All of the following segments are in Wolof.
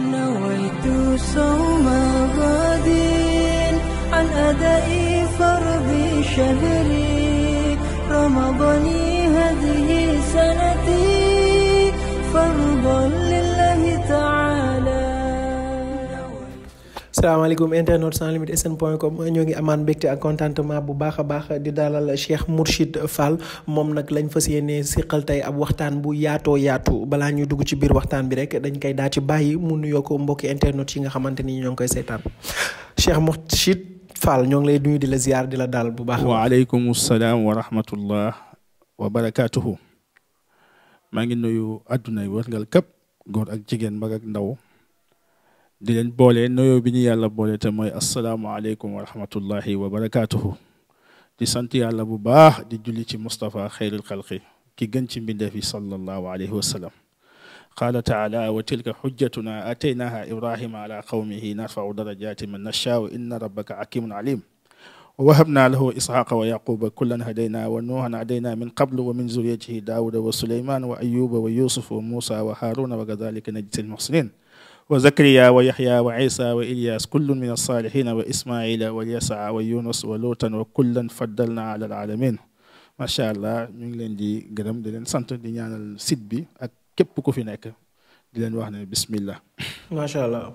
نويت صوم غد عن أداء فرض شهري رمضان هذه سنتي salaamaaleykum internet sans limite sn point com ñoo ngi amaan mbégte ak contentement bu baax a baax di dalal Cheikh Mourchid Fall moom nag lañ fas yéene siqal tey ab waxtaan bu yaatoo yaatu balaa ñuy dugg ci biir waxtaan bi rek dañ koy daal ci bàyyi mu nuyoo ko mbokki internet yi nga xamante ni ñoo ngi koy seetaan Cheikh Mourchid Fall ñoo ngi lay nuyu di la ziar di la daal bu baax. waaleykum salaam wa rahmatullah wa barakaatuhu. maa ngi nuyu àdduna yi wërngal képp góor ak jigéen mag ak ndaw. di leen boole nuyoo bi ñu yàlla boole te mooy asalaamaaleykum wa rahmatullahi wa barakaatuhu. di sant yàlla bu baax di julli ci Moustapha xayrul xalqi ki gën ci mbindeef yi sallallahu alayhi wa sallam. qaala taala wa tilka xujjatuna ataynaha ibrahima ala qawmihi narfau darajati man nashaau inna rabbaka hakimun alim wa wahabna lahu isxaqa wa yaquba kullan hadayna wa nuuhan hadayna min qablu wa min zuriyatihi daawuda wa suleyman wa ayuba wa yusuf wa muusa wa haaruna wa kadalika najzi al muxsinin waa zakariya wa yaxya wa isa wa ilyas kullun min alsalihina wa ismaila wa yasaa wa yunus wa luutan wa kullan faddalna ala alaalamin macha allah ñu ngi leen di gërëm di leen sant di ñaanal site bi ak képp ku fi nekk di leen wax ne bismillah macha allah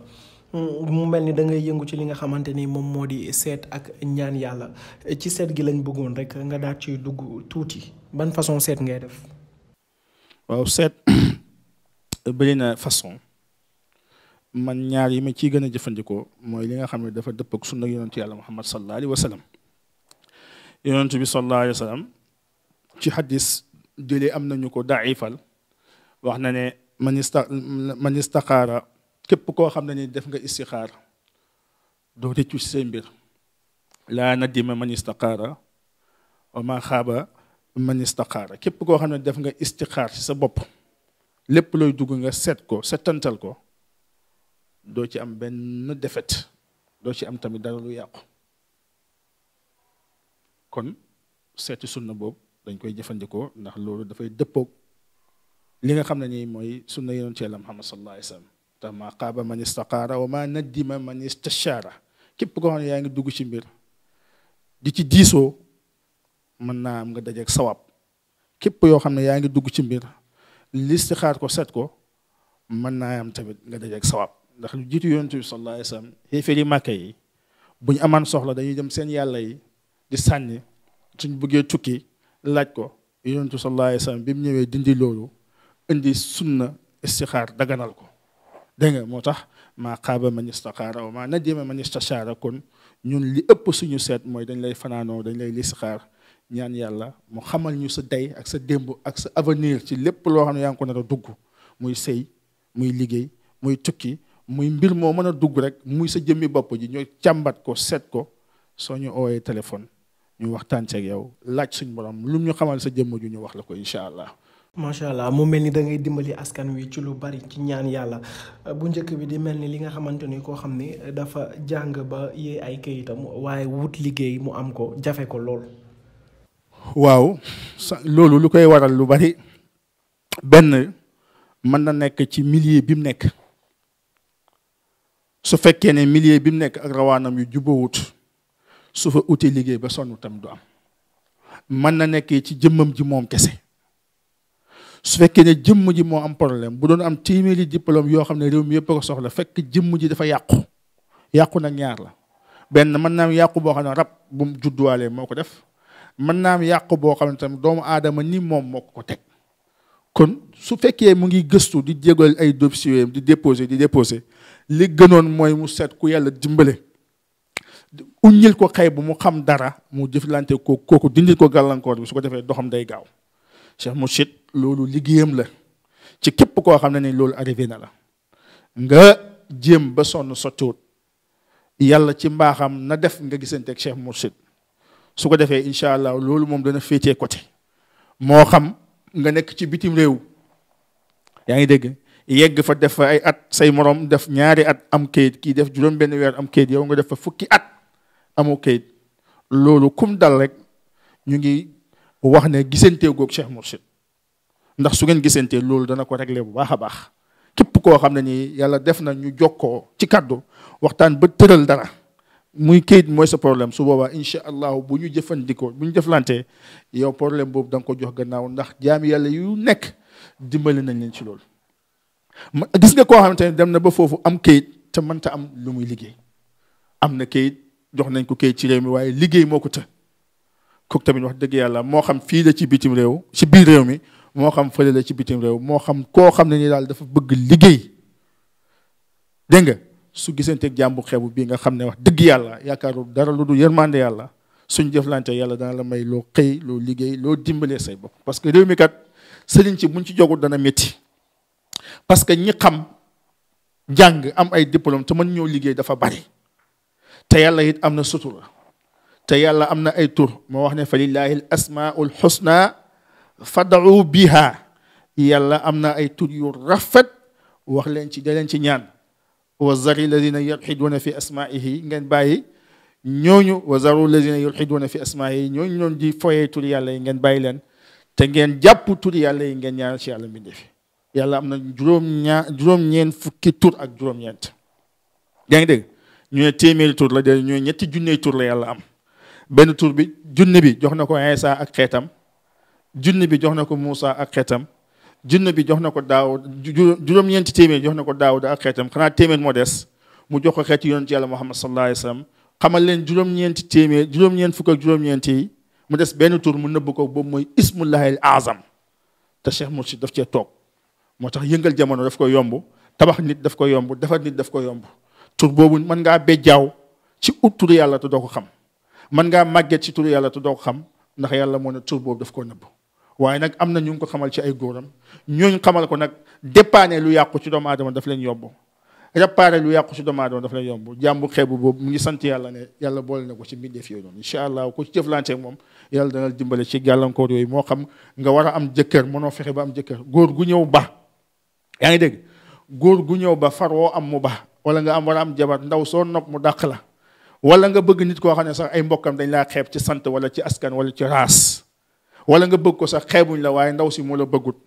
mu mel ni da ngay yëngu ci li nga xamante ni moom moo di seet ak ñaan yàlla ci seet gi lañ bëggoon rek nga daal ci dugg tuuti ban façon seet ngay def waaw seet bëri façon man ñaar yi ma ciy gën a jëfandikoo mooy li nga xam ne dafa dëpp ak sunna yonentu yàlla muhammad sallallahu alayhi wa sallam yonentu bi sallallahu alayhi wa sallam ci xadis jëlee am nañu ko daifal wax na ne man ista képp koo xam ne ni def nga istixaar doo rëccu ci seen mbir laa nadima man istaqaara wa ma xaaba man képp koo xam ne def nga istixaar ci sa bopp lépp looy dugg nga seet ko setantal ko doo ci am benn defet doo ci am tamit dara lu yàqu kon seet seeti sunna boobu dañ koy jëfandikoo ndax loolu dafay dëppoog li nga xam ne nii mooy sunna yonent Yàlla Muhammad sallallahu alayhi wa sallam tax maa xaaba man istaqaara wa maa nadima man istashaara képp koo xam ne yaa ngi dugg ci mbir di ci diisoo mën naa am nga dajeeg sawab képp yoo xam ne yaa ngi dugg ci mbir listixaar ko seet ko mën naa am tamit nga dajeek sawab ndax lu jiitu yonent bi sallallahu alayhi wa sallam xéeféer yi màkka yi bu ñu amaan soxla dañuy dem seen yàlla yi di sànni suñ buggee tukki laaj ko yoontu bi sallallahu alayhi wa sallam bi mu ñëwee dindi loolu indi sunna istixaar daganal ko dégg nga moo tax maa xaaba man istixaara wa maa nadima man istachaara kon ñun li ëpp suñu seet mooy dañ lay fanaanoo dañ lay listixaar ñaan yàlla mu xamal ñu sa dey ak sa démb ak sa avenir ci lépp loo xam ne yaa ngi ko nar a dugg muy sëy muy liggéey muy mbir moo mën a dugg rek muy sa jëmmi bopp ji ñooy càmbat ko set ko soo ñu oowee téléphone ñu waxtaan ci ak yow laaj suñ borom lu ñu xamal sa jëmm ju ñu wax la ko incha allah. macha allah mu mel ni dangay dimbali askan wi ci lu bari ci ñaan yàlla bu njëkk bi di mel ni li nga xamante ni koo xam ni dafa jàng ba yee ay këyitam waaye wut liggéey mu am ko jafe ko lool. waaw sa loolu lu koy waral lu bari benn mën na nekk ci millier bi mu nekk. su fekkee ne milieu bi mu nekk ak rawaanam yu jubboowut su fa utee liggéey ba sonn tam du am mën na nekkee ci jëmmam ji moom kese su fekkee ne jëmm ji moo am problème bu doon am téeméeri diplôme yoo xam ne réew mi yëpp ko soxla fekk jëmm ji dafa yàqu yàqu na ñaar la benn mën naa yàqu boo xam ne rab bu mu judduwaalee moo ko def mën naam am yàqu boo xam ne tam doomu aadama nii moom moo ko ko teg kon su fekkee mu ngi gëstu di jégal ay dossier di déposé di déposé li gënoon mooy mu seet ku yàlla dimbale uññil ko xëy bu mu xam dara mu jëflante ko kooku dindil ko gàllankoor bi su ko defee doxam day gaaw Cheikh Mourchid loolu liggéeyam la ci képp koo xam ne ni loolu arrivé na la nga jéem ba sonn sottiwut yàlla ci mbaaxam na def nga gisante ak Cheikh Mourchid su ko defee incha allah loolu moom dana féetee côté moo xam nga nekk ci bitim réew yaa ngi dégg yegg fa def fa ay at say morom def ñaari at am kayit kii def juróom benn weer am kayit yow nga def fa fukki at amu kayit loolu kum dal rek ñu ngi wax ne gisante goog Cheikh Mourchid ndax su ngeen gisantee loolu dana ko régler bu baax a baax képp koo xam ne nii yàlla def na ñu jokkoo ci kaddu waxtaan ba tëral dara muy kayit mooy sa problème su boobaa incha allahu bu ñu jëfandikoo bu ñu jëflantee yow problème boobu da nga ko jox gannaaw ndax jaami yàlla yu nekk dimbali nañ leen ci loolu. gis nga koo xamante ne dem na ba foofu am kayit te mënta am lu muy liggéey am na kayit jox nañ ko kayit ci réew mi waaye liggéey moo ko të. kooku tamit wax dëgg yàlla moo xam fii la ci bitim réew ci biir réew mi moo xam fële la ci bitim réew moo xam koo xam ne ni daal dafa bëgg liggéey dégg nga su gisanteeg jàmbu xeebu bii nga xam ne wax dëgg yàlla yaakaaru dara lu du yërmande yàlla suñ jëflante yàlla dana la may loo xëy loo liggéey loo dimbalee say bopp parce que réew mi kat sëriñ ci buñ ci jogu dana métti parce que ñi xam jàng am ay diplôme te mën ñoo liggéey dafa bari te yàlla it am na sutura te yàlla am na ay tur moo wax ne fa lillahi l asmaul xusna fad'u biha yàlla am na ay tur yu rafet wax leen ci da leen ci ñaan wa zari ladina yulxiduuna fi asmaihi ngeen bàyyi ñooñu wa zaru ladina yulxiduuna fi asmaihi ñooñu ñoon di foyee turi yàlla yi ngeen bàyyi leen te ngeen jàpp turi yàlla yi ngeen ñaanal ci yàlla mbindee fi yàlla am na juróom ñaar fukki tur ak juróom-ñeent yaa ngi dégg ñu téeméeri tur la de ñu ñetti junney tur la yàlla am benn tur bi junne bi jox na ko Iisaa ak xeetam junne bi jox na ko Muusa ak xeetam junne bi jox na ko daaw juróom-ñeenti téeméer jox na ko daawuda ak xeetam xanaa téeméer moo des mu jox ko xeeti yonent yàlla muhammad sallallahu alayhi wa sallam xamal leen juróom téeméer juróom-ñeent fukk ak juróom-ñeent yi mu des benn tur mu nëbb ko boobu mooy ismullahil azam te cheikh ci daf cee toog moo tax yëngal jamono daf ko yomb tabax nit daf ko yomb defar nit daf ko yomb tur boobu mën ngaa bejjaaw ci ut turu yàlla te doo ko xam mën ngaa màgget ci turu yàlla te doo ko xam ndax yàlla moo ne tur boobu def koo nëbb waaye nag am na ñu ko xamal ci ay góoram ñooñ xamal ko nag dépanner lu yàqu ci doomu aadama daf leen yomb réparer lu yàqu ci doomu aadama daf leen yomb jàmbu xeebu boobu mu ngi sant yàlla ne yàlla boole na ko ci mbindeef yooyu noonu incha allah ku ci jëflanteeg moom yàlla dana dimbale ci gàllankoor yooyu moo xam nga war a am jëkkër mënoo fexe ba am jëkkër góor gu ñëw ba yaa ngi dégg góor gu ñëw ba faroo am mu ba wala nga am war am jabar ndaw soo nopp mu dàq la wala nga bëgg nit koo xam ne sax ay mbokkam dañ laa xeeb ci sant wala ci askan wala ci raas wala nga bëgg ko sax xeebuñ la waaye ndaw si moo la bëggut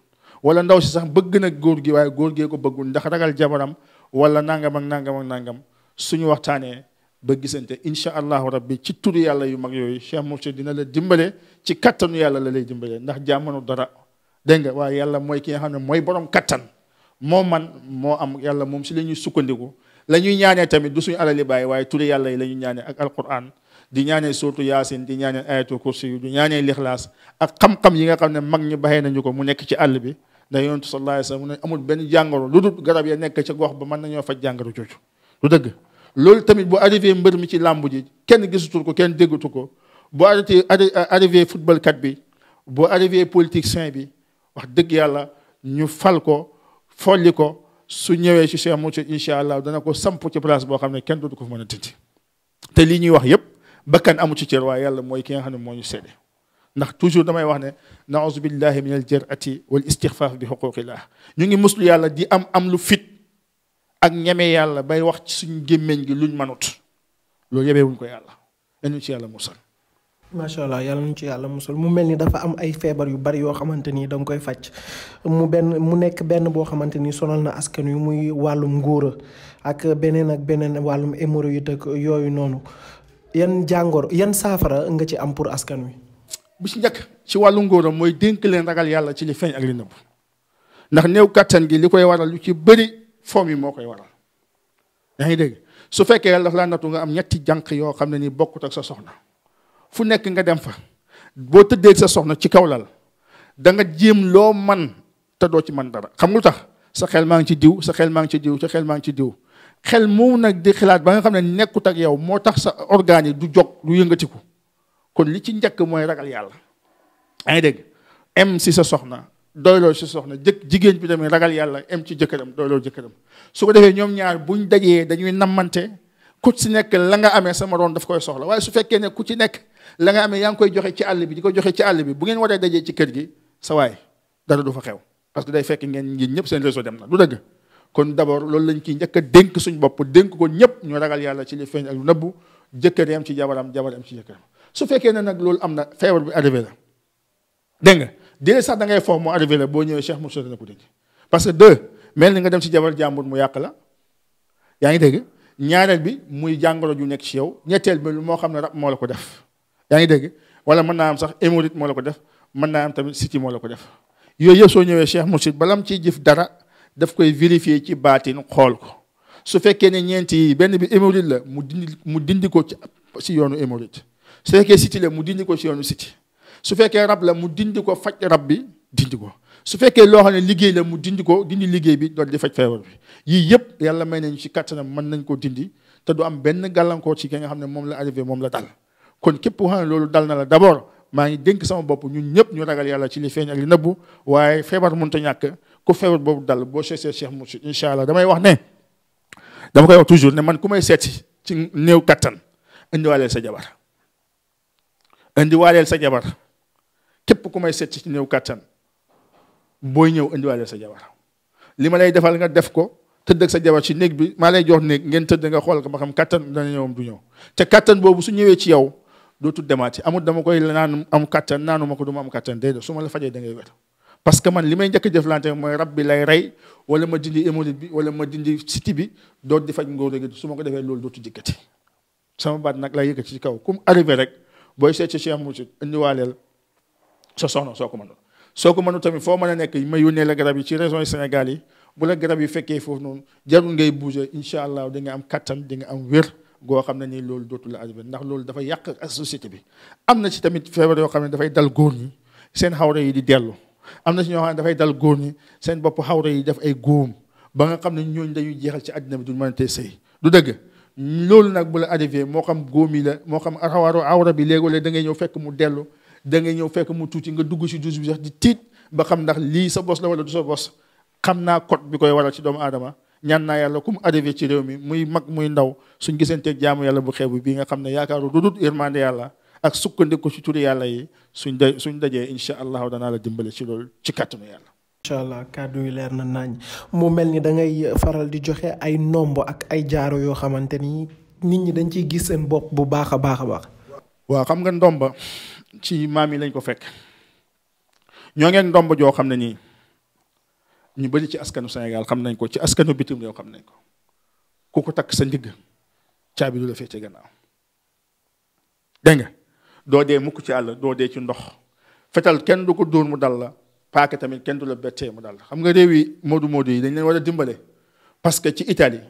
wala ndaw si sax bëgg na góor gi waaye góor gee ko bëggul ndax ragal jabaram wala nangam ak nangam suñu waxtaanee ba gisante incha allahu rabbi ci turu yàlla yu mag yooyu Cheikh Mourchid dina la dimbale ci kattanu yàlla la lay dimbale ndax jaamanu dara dégg nga waaye yàlla mooy ki nga xam ne mooy borom kattan moo man moo am yàlla moom si la ñuy sukkandiku la ñuy ñaanee tamit du su alali bàyyi waaye turu yàlla yi la ñuy ñaanee ak alquran di ñaanee surtout yaasin di ñaanee ayatul kursi yu di ñaanee lixlaas ak xam-xam yi nga xam ne mag ñi baxee nañu ko mu nekk ci àll bi ndax yonent sallallahu alayhi wasallam mu ne amul benn jàngoro lu dul garab ya nekk ca gox ba mën nañoo faj jàngoro jooju du dëgg loolu tamit bu arrivé mbër mi ci làmb ji kenn gisutul ko kenn déggatu ko bu arrêté arrivé football kat bi bu arrivé politicien bi wax dëgg yàlla ñu fal ko folli ko su ñëwee ci Cheikh Moussa incha allah dana ko samp ci place boo xam ne kenn dootu ko mën a tëdd te lii ñuy wax yépp bakkan amu ci cër waaye yàlla mooy ki nga xam ne moo ñu seede ndax toujours damay wax ne naouzu billahi min al jarati wal istixfaaf bi xuquqillah ñu ngi muslu yàlla di am am lu fit ak ñeme yàlla bay wax ci suñu gémmiñ gi luñ manut loolu yebewuñ ko yàlla nañu ci yàlla musal macha allah yàlla nañu ci yàlla musal mu mel ni dafa am ay feebar yu bari yoo xamante ni danga koy faj mu benn mu nekk benn boo xamante ni sonal na askan wi muy wàllum ngóora ak beneen ak beneen wàllum hémorroïde ak yooyu noonu yan jàngoro yan saafara nga ci am pour askan wi. bu ci njëkk ci wàllu ngóoram mooy dénk leen ragal yàlla ci li feeñ ak li nëbb ndax néew kàttan gi li koy waral lu ci bëri fomm yi moo koy waral yaa ngi dégg su fekkee yàlla dafa laa nattu nga am ñetti jànq yoo xam ne nii bokkut ak sa soxna fu nekk nga dem fa boo tëddee sa soxna ci kaw lal danga nga jéem loo man te doo ci man dara xam lu tax sa xel maa ngi ci diw sa xel maa ngi ci diw sa xel maa ngi ci diw xel moom nag di xalaat ba nga xam ne nekkut ak yow moo tax sa organe yi du jog du yëngatiku kon li ci njëkk mooy ragal yàlla yaa ngi dégg em si sa soxna doyloo si soxna jëkk jigéen bi tamit ragal yàlla em ci jëkkëram doyloo jëkkëram su ko defee ñoom ñaar buñ dajee dañuy nammante ku ci nekk la nga amee sama roon daf koy soxla waaye su fekkee ne ku ci nekk la nga amee yaa ngi koy joxe ci àll bi di ko joxe ci àll bi bu ngeen waree dajee ci kër gi sa waay dara du fa xew parce que day fekk ngeen ñi ñëpp seen réseau dem na du dëgg kon d'abord loolu lañ ciy njëkk dénk suñ bopp dénk ko ñëpp ñu ragal yàlla ci li feeñ ak lu nëbbu jëkkër am ci jabaram jabar am ci jëkkëram su fekkee ne nag loolu am na feebar bi arrivé la dégg nga déedéet sax da ngay foofu mu arrivé la boo ñëwee Cheikh Moussa dana ko dégg parce que deux mel ni nga dem ci jabar jàmbur mu yàq la yaa ngi dégg ñaareel bi muy jàngoro ju nekk ci yow ñetteel bi moo xam ne rab moo la ko def yaa ngi dégg wala mën am sax hémorroïde moo la ko def mën naa am tamit siti moo la ko def yooyu ñëwee Cheikh Moussa bala mu ciy jëf dara def koy vérifier ci baatin xool ko su fekkee ne ñeenti yi benn bi hémorroïde la mu dindi mu dindi ko ci si yoonu hémorroïde su fekkee siti la mu dindi ko si yoonu siti su fekkee rab la mu dindi ko faj rab bi dindi ko su fekkee loo xam ne liggéey la mu dindi ko dindi liggéey bi doon di faj feebar bi yii yëpp yàlla may nañ ci kattanam mën nañ ko dindi te du am benn gàllankoor ci ki nga xam ne moom la arrivé moom la dal kon képp koo xam ne loolu dal na la d'abord maa ngi dénk sama bopp ñun ñëpp ñu ragal yàlla ci li feeñ ak li nëbbu waaye feebar mënut ñàkk ku feebar boobu dal boo seesee Cheikh Mourchid incha allah damay wax ne dama koy wax toujours ne man ku may seeti ci néew kattan indiwaaleel sa jabar indiwaaleel sa jabar képp ku may seeti ci néew kattan booy ñëw indiwaaleel sa jabar li ma lay defal nga def ko tëdd ak sa jabar ci néeg bi maa lay jox néeg ngeen tëdd nga xool ko ba xam kattan dana ñëwam du ñëw te kattan boobu su ñëwee ci yow dootul demaati amul dama koy naan am kattan naanu ma ko du am kattan déedéet su ma la fajee da ngay wér parce que man li may njëkk a jëflante mooy rab bi lay rey wala ma dindi hémorroïde bi wala ma dindi siti bi doot di faj ngóor gi su ma ko defee loolu dootu dikkati sama baat nag lay yëkkati ci kaw comme arriver rek booy seet ci Cheikh Moussa indiwaaleel sa soxna soo ko mënul soo ko mënul tamit foo man a nekk ma yónnee la garab yi ci région Sénégal yi bu la garab yi fekkee foofu noonu jarul ngay bouger incha allah di nga am kattan dinga am wér goo xam ne nii loolu dootu la arrivé ndax loolu dafa yàq ak société bi am na ci tamit feebar yoo xam ne dafay dal góor ñi seen xawra yi di dellu am na si ñoo xam ne dafay dal góor ñi seen bopp xawra yi def ay góom ba nga xam ne ñooñu dañuy jeexal ci àddina bi duñ mën a tee sëy du dëgg loolu nag bu la arrivé moo xam góom yi la moo xam xawaaru awra bi léegoo-léeg da ngay ñëw fekk mu dellu da ngay ñëw fekk mu tuuti nga dugg ci douche bi sax di tiit ba xam ndax lii sa bos la wala du sa bos xam naa code bi koy waral ci doomu aadama ñaan naa yàlla ku mu arrivé ci réew mi muy mag muy ndaw suñ gisanteeg jaamu yàlla bu xeebu bii nga xam ne yaakaaru dudut irmande yàlla ak sukkandiku ci turi yàlla yi suñ da suñ dajee incha allahu danaa la dimbali ci loolu ci kàttanu yàlla. incha allah kàddu yi leer na nañ mu mel ni dangay faral di joxe ay nombo ak ay jaaro yoo xamante ni nit ñi dañ ciy gis seen bopp bu baax a baax a baax. waaw xam nga ndomba ci maam yi lañ ko fekk ñoo ngeen ndomba joo xam ne nii ñu bëri ci askanu Sénégal xam nañ ko ci askanu bitim réew xam nañ ko ku ko takk sa ndigg caabi du la féete gannaaw dégg doo dee mukk ci àll doo dee ci ndox fetal kenn du ko dóor mu dal la paaka tamit kenn du la bettee mu dal la xam nga réew yi moodu moodu yi dañ leen war a dimbale parce que ci Italie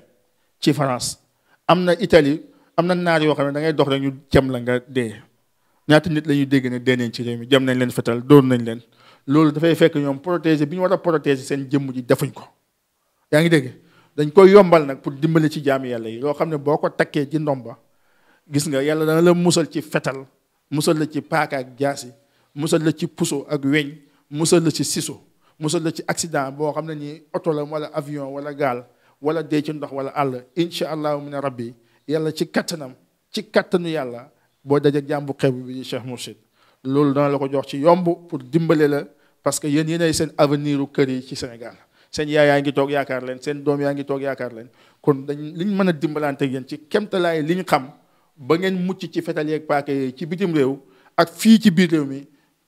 ci France am na itali am na naar yoo xam ne da ngay dox rek ñu jam la nga dee ñaata nit la ñuy dégg ne dee ci réew mi jam nañ leen fetal dóor nañ leen loolu dafay fekk ñoom protéger bi ñu war a protéger seen jëmm ji defuñ ko yaa ngi dégg dañ koy yombal nag pour dimbale ci jaami yàlla yi loo xam ne boo ko takkee ci ndomba gis nga yàlla dana la musal ci fetal musal la ci paaka ak jaasi musal la ci puso ak weñ musal la ci siso musal la ci accident boo xam ne nii oto wala avion wala gaal wala dee ci ndox wala àll incha allahu min rabbi yàlla ci kattanam ci kattanu yàlla boo daje jàmbu xeebu bi di Cheikh Mourchid loolu dana la ko jox ci yomb pour dimbale la parce que yéen yéenay seen aveniru kër yi ci Sénégal seen yaay yaa ngi toog yaakaar leen seen doom yaa ngi toog yaakaar leen kon liñ mën a dimbalante ak yéen ci kemtalaay liñ xam ba ngeen mucc ci fetal yeeg paaka yi ci bitim réew ak fii ci biir réew mi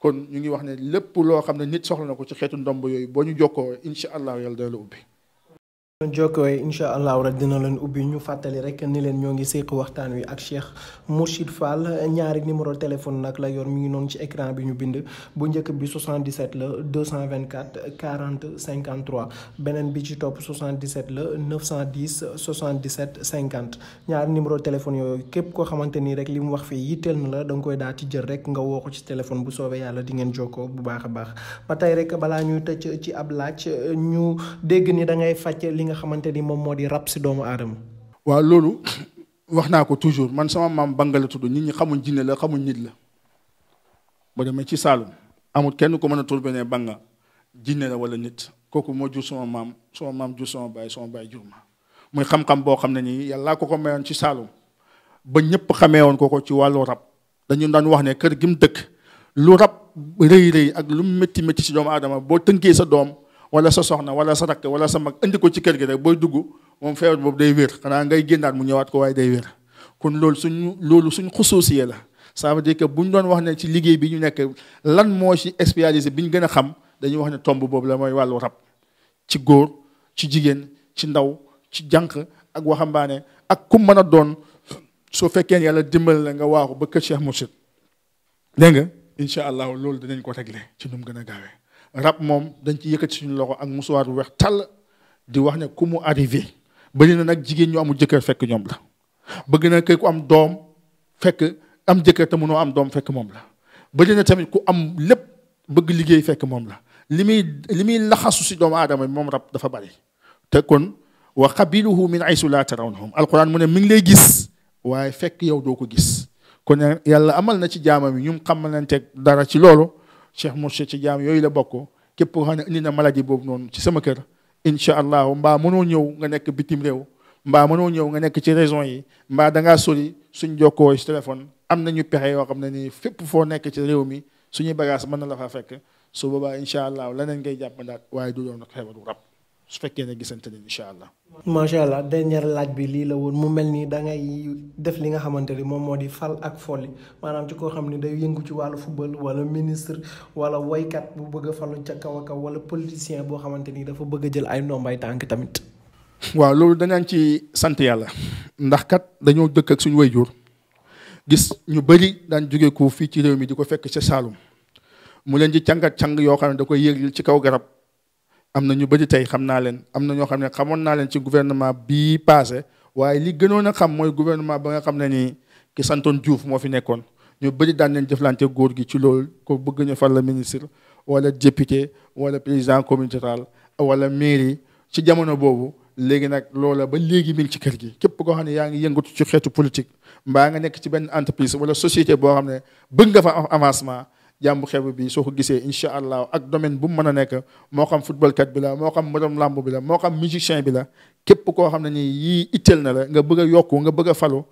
kon ñu ngi wax ne lépp loo xam ne nit soxla na ko ci xeetu ndomb yooyu boo ñu jokkoo incha allah yàlla dana la ubbi jokkooy incha allah rek dina leen ubbi ñu fàttali rek ni leen ñoo ngi séq waxtaan wi ak Cheikh Mourchid Fall ñaari numéro téléphone nag la yor mi ngi noonu ci écran bi ñu bind bu njëkk bi la 224 40 53 beneen bi ci topp 77 la ñaari numéro téléphone yooyu képp koo xamante ni rek li mu wax fii yitteel na la da nga koy daal ci jël rek nga woo ko ci téléphone bu soobee yàlla di ngeen jokkoo bu baax a baax ba tey rek ñuy tëj ci ab laaj ñu dégg ni da ngay li nga xamante ni moom moo di rab si doomu aadama. waa loolu wax naa ko toujours man sama maam Banga la tudd nit ñi xamuñ jinne la xamuñ nit la ba demee ci Saalum amul kenn ko mën a turbine Banga jinne la wala nit kooku moo jur sama maam sama maam jur sama baay sama baay jur ma muy xam-xam boo xam ne nii yàllaa ko ko mayoon ci Saalum ba ñëpp xamee woon ko ci wàllu rab dañu daan wax ne kër gi dëkk lu rab rëy rëy ak lu métti métti si doomu aadama sa doom. wala sa soxna wala sa rakk wala sa mag indi ko ci kër gi rek booy dugg moom feebar boobu day wér xanaa ngay génnaat mu ñëwaat ko waaye day wér kon loolu suñu loolu suñ xusuusiyee la ça veut dire que bu ñu doon wax ne ci liggéey bi ñu nekk lan moo ci spécialisé bi ñu gën a xam dañuy wax ne tomb boobu la mooy wàllu rab ci góor ci jigéen ci ndaw ci jànq ak waxambaane ak ku mën a doon soo fekkee ne yàlla dimbal la nga waaxu ba kër Cheikh Mourchid dégg nga incha allahu loolu dinañ ko réglé ci nu mu gën a gaawee rab moom dañ ci yëkkati suñu loxo ak musuwaar bu weex tàll di wax ne ku mu arrivé bëri na nag jigéen ñu amul jëkkër fekk ñoom la bëgg na kay ku am doom fekk am jëkkër te mënoo am doom fekk moom la bëri na tamit ku am lépp bëgg liggéey fekk moom la li muy li muy laxasu si doomu aadama bi moom rab dafa bëri te kon wa qabiluhu min aysu laa tarawnahum alquran mu ne mu ngi lay gis waaye fekk yow doo ko gis kon yàlla amal na ci jaamam yi ñu xamalante dara ci loolu Cheikh Mourchid ci jaam yooyu la bokk képp koo a ne indi na maladie boobu noonu ci sama kër incha allahu mbaa mënoo ñëw nga nekk bitim réew mbaa mënoo ñëw nga nekk ci région yi mbaa dangaa sori suñ jokkoo ci téléphone am nañu pexe yoo xam ne nii fépp foo nekk ci réew mi suñuy bagage mën na la faa fekk su boobaa incha allahu leneen ngay jàpp ndaat waaye du doon xeebatu rab su fekkee ne gisante ne incha allah. macha allah dernière laaj bi lii la woon mu mel nii dangay def li nga xamante ni moom moo di fal ak folli maanaam ci koo xam ne day yëngu ci wàllu football wala ministre wala woykat bu bëgg a falu ca kaw a kaw wala politicien boo xamante ni dafa bëgg jël ay ndombay tànk tamit. waaw loolu dañaan ci sant yàlla ndax kat dañoo dëkk ak suñu wayjur gis ñu bëri daan ko fii ci réew mi di ko fekk ca Saalum mu leen di cangat cang yoo xam ne da koy yëg ci kaw garab. am na ñu bëri tey xam naa leen am na ñoo xam ne xamoon naa leen ci gouvernement bii passé waaye li gënoon a xam mooy gouvernement ba nga xam ne nii ki santoon Diouf moo fi nekkoon ñu bëri daan leen jëflante góor gi ci lool ko bëgg ñu fal la ministre wala député wala président communauté rurale wala mairie ci jamono boobu léegi nag loola ba léegi mi ngi ci kër gi képp koo xam ne yaa ngi yëngatu ci xeetu politique mbaa nga nekk ci benn entreprise wala société boo xam ne bëgg nga fa avancement jàmbu xew bi soo ko gisee incha allah ak domaine bu mu mën a nekk moo xam footballkat bi la moo xam mboolem làmb bi la moo xam musicien bi la képp koo xam ne nii yii itteel na la nga bëgg a yokku nga bëgg a falu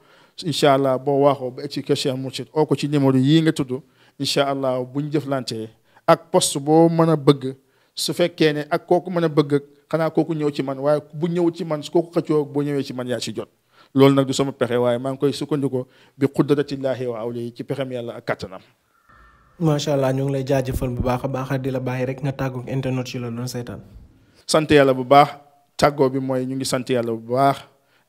incha allah boo waxoo ba ci kër Cheikh oo ko ci numéro yii nga tudd incha allah buñ jëflantee ak post boo mën a bëgg su fekkee ne ak kooku mën a bëgg xanaa kooku ñëw ci man waaye bu ñëw ci man su kooku xëccoo boo ñëwee ci man yaa ci jot loolu nag du sama pexe waaye maa ngi koy sukkandiku bi qudratillahi wa awliyi ci pexem yàlla ak kattanam macha allah ñu ngi lay jaajëfal bu baax a baax di la bàyyi rek nga tàggu internet ci la doon seetaan. sant yàlla bu baax tàggoo bi mooy ñu ngi sant yàlla bu baax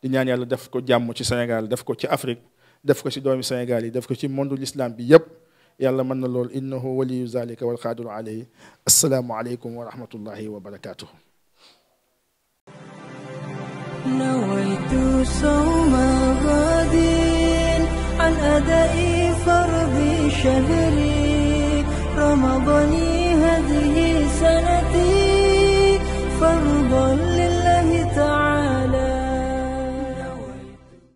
di ñaan yàlla def ko jàmm ci Sénégal def ko ci Afrique def ko ci doomi Sénégal yi def ko ci monde l'islam bi yépp yàlla mën na lool innahu waliyu zalika wal qaadiru alayhi assalaamu aleykum wa rahmatullahi wa barakatuh نويت صوم غد عن أداء فرض شهري رمضني هذه سنتي فارضى